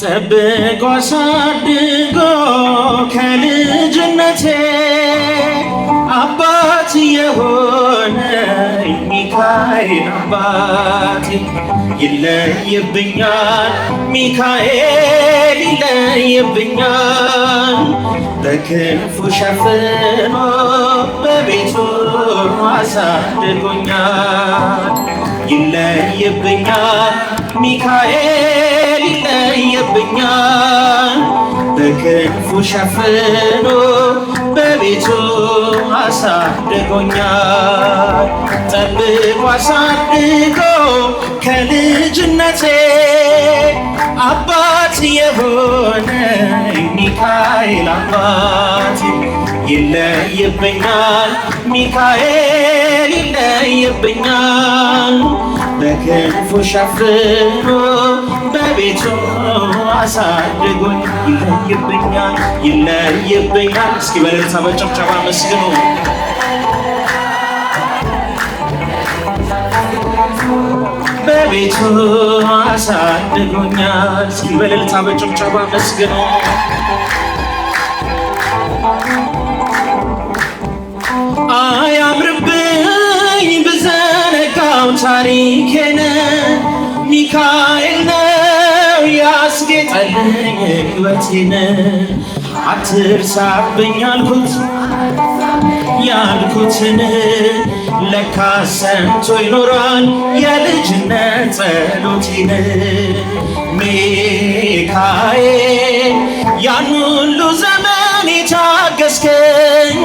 ጠብቆ አሳድጎ ከልጅነቴ አባት የሆነ ሚካኤል አባት ይለይብኛል፣ ሚካኤል ይለይብኛል። በክንፉ ሸፍኖ በቤቱ አሳድጎኛል። ይለየብኛል ሚካኤል ይለየብኛል በክንፉ ሸፍኖ በቤቱ አሳድጎኛል ጠብቆ አሳድጎ ከልጅነቴ አባት የሆነ ሚካኤል አባት ይለየብኛል ሚካኤል ይለይብኛል በክንፉ ሸፍኖ በቤቱ አሳድጎ ይለይብኛል ይለይብኛል። እስኪ በደስታ በጭብጨባ መስግኑ። በቤቱ አሳድጎኛል። እስኪ በደስታ በጭብጨባ መስግኑ። ሕይወቴን አትርሳብኝ ያልኩት ያልኩትን ለካ ሰምቶ ይኖራል የልጅነት ጸሎቴን ሚካኤል ያን ሁሉ ዘመን የታገስከኝ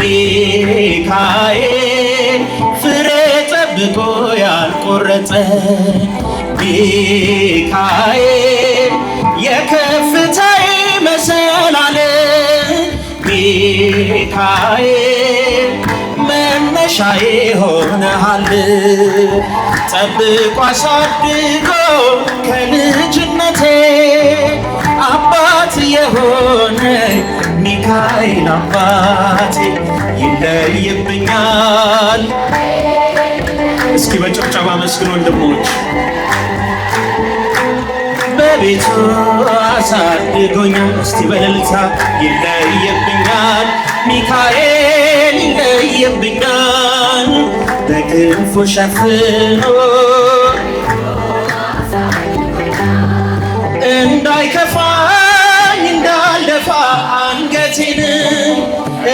ሚካኤል ፍሬ ጠብቆ ያልቆረጠ ሚካኤል ጌታዬ መነሻዬ ሆነሃል። ጠብቆ አሳድጎ ከልጅነቴ አባት የሆነ ሚካኤል አባቴ ይለይብኛል። እስኪ በጭብጨባ መስግን ወንድሞች በቤቱ አሳድጎኛል። እስቲ በእልልታ ይለይብኛል ሚካኤል ይለይብኛል በክንፉ ሸፍኖ እንዳይከፋኝ እንዳልደፋ አንገቴን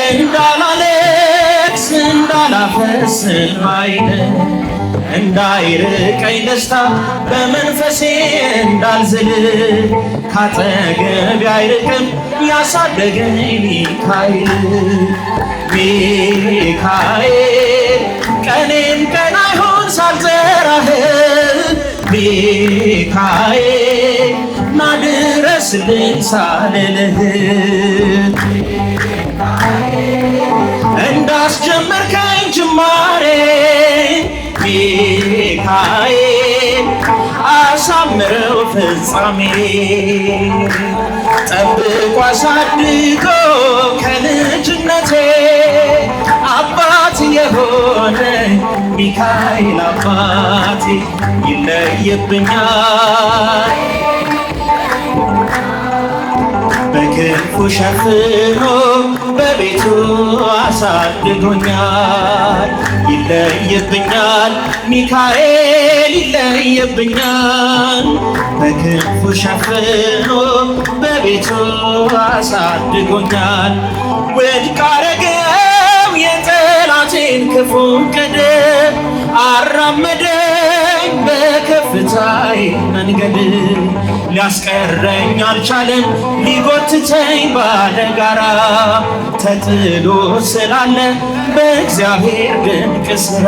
እንዳላለቅስ እንዳላፈስን አይነ እንዳይርቀኝ ደስታ በመንፈሴ እንዳልዝል ካጠገብ አይርቅም ያሳደገኝ ሚካኤል ሚካኤል ቀኔም ቀን አይሆን ሳልዘራህ ሚካኤል ናድረስልኝ ሳልልህ ጌታዬ አሳምረው ፍጻሜ ጠብቆ አሳድጎ ከልጅነቴ አባት የሆነ ሚካኤል አባቴ ይለየብኛል በክንፉ ሸፍኖ በቤቱ አሳድጎኛል። ይለየብኛል ሚካኤል ይለየብኛል። በክንፉ ሸፍኖ በቤቱ አሳድጎኛል። ወድቅ አረገው የጠላቴን ክፉ ቀንድ አራመደኝ በከፍታዬ መንገድ ሊያስቀረኝ አልቻለም ሊጎትተኝ ባለ ጋራ ተጥሎ ስላለ በእግዚአብሔር ድንቅ ስራ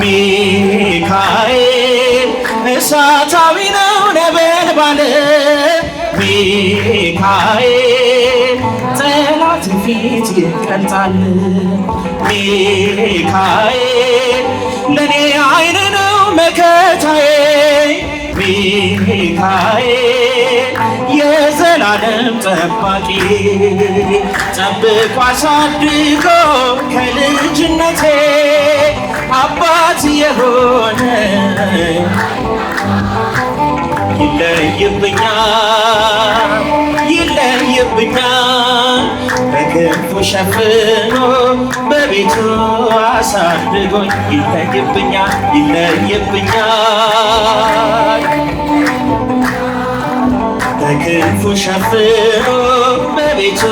ሚካኤል እሳታዊ ነው ነበልባል ሚካኤል ጠላት ፊት ይቀልጣል ሚካኤል ለእኔ አይን ነው መከታዬ ሚካኤል የዘላለም ጠባቂ ጠብቆ አሳድጎ ከልጅነቴ አባት የሆነ ይለይብኛል ሸፍኖ በቤቱ አሳድጎኝ ይለይብኛል ይለይብኛል በክንፉ ሸፍኖ በቤቱ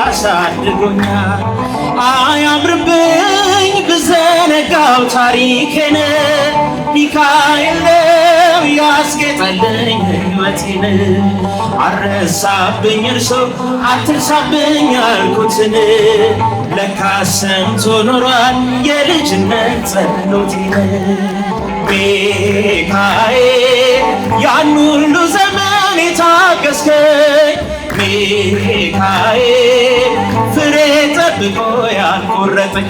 አሳድጎኛል አያምርብኝ ብዘነጋው ታሪኬን ሚካኤል ያስጌጠልኝ ህይወቴን አረሳብኝ እርሶ አትርሳብኝ ያልኩትን ለካ ሰምቶ ኖሯል የልጅነት ጸሎቴን ሚካኤል ያን ሁሉ ዘመን የታገስከኝ ሚካኤል ፍሬ ጠብቆ ያልቆረጠኝ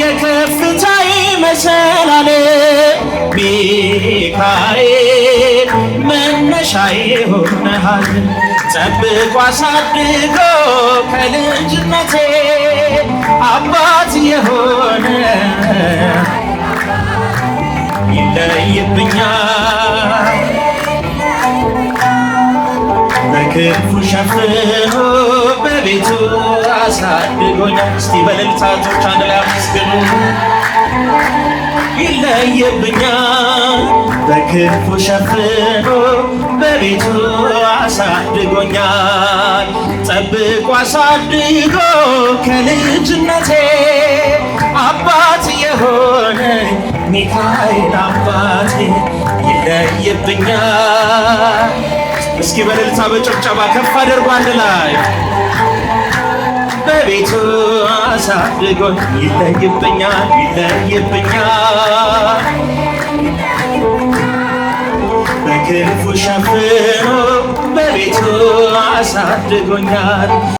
የከፍታዬ መሰላሌ ሚካኤል መነሻዬ ሆነሃል፣ ጠብቆ አሳድጎ ከልጅነቴ አባት የሆነ ይለይብኛል በክንፉ ሸፍኖ በቤቱ አሳድጎኛል። እስቲ በልልታቶች አንድ ላይ አመስግኑ። ይለየብኛል በክንፉ ሸፍኖ በቤቱ አሳድጎኛል ጠብቆ አሳድጎ ከልጅነቴ አባት የሆነ ሚካኤል አባቴ ይለየብኛል። እስኪ በእልልታ በጭብጨባ ከፍ አድርጓል አንድ ላይ በቤቱ አሳድጎኝ ይለይብኛል ይለይብኛል በክንፉ ሸፍኖ በቤቱ አሳድጎኛል።